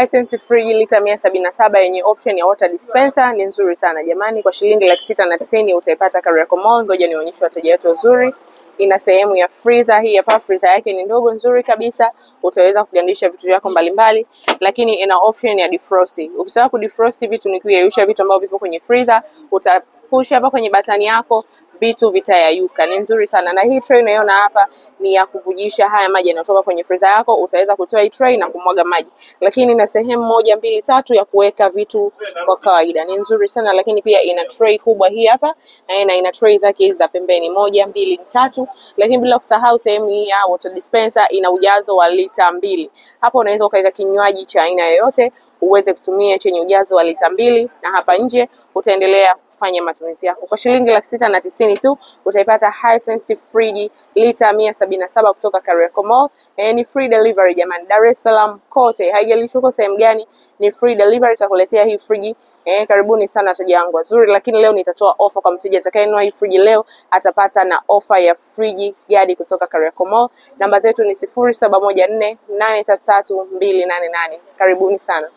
Hisense free lita mia sabini na saba yenye option ya water dispenser ni nzuri sana jamani, kwa shilingi laki sita na tisini utaipata Kariakoo Mall. Ngoja nionyeshe wateja wetu wazuri. Ina sehemu ya freezer, hii hapa freezer yake ni ndogo nzuri kabisa, utaweza kugandisha vitu vyako mbalimbali, lakini ina option ya defrost. Ukitaka kudefrost vitu, ni kuyeyusha vitu ambavyo vipo kwenye freezer, utapush hapa kwenye batani yako vitu vitayayuka. Ni nzuri sana, na hii tray unaiona hapa ni ya kuvujisha haya maji yanayotoka kwenye freezer yako. Utaweza kutoa hii tray na kumwaga maji, lakini ina sehemu moja mbili tatu ya kuweka vitu kwa kawaida. Ni nzuri sana, lakini pia ina tray kubwa hii hapa eh, na ina tray zake hizi za pembeni moja mbili tatu, lakini bila kusahau sehemu hii ya water dispenser ina ujazo wa lita mbili. Hapo unaweza ukaweka kinywaji cha aina yoyote uweze kutumia chenye ujazo wa lita mbili, na hapa nje utaendelea kufanya matumizi yako. Kwa shilingi laki sita na tisini tu utaipata Hisense friji lita mia sabini na saba kutoka Kariakoo Mall. E, ni free delivery jamani, Dar es Salaam kote, haijalishi uko sehemu gani, ni free delivery, takuletea hii friji. Eh, karibuni sana wateja wangu wazuri, lakini leo nitatoa ofa kwa mteja atakayenunua hii friji leo atapata na ofa ya friji gadi kutoka Kariakoo Mall. Namba zetu ni sifuri saba moja nne nane tatu mbili nane nane. Karibuni sana.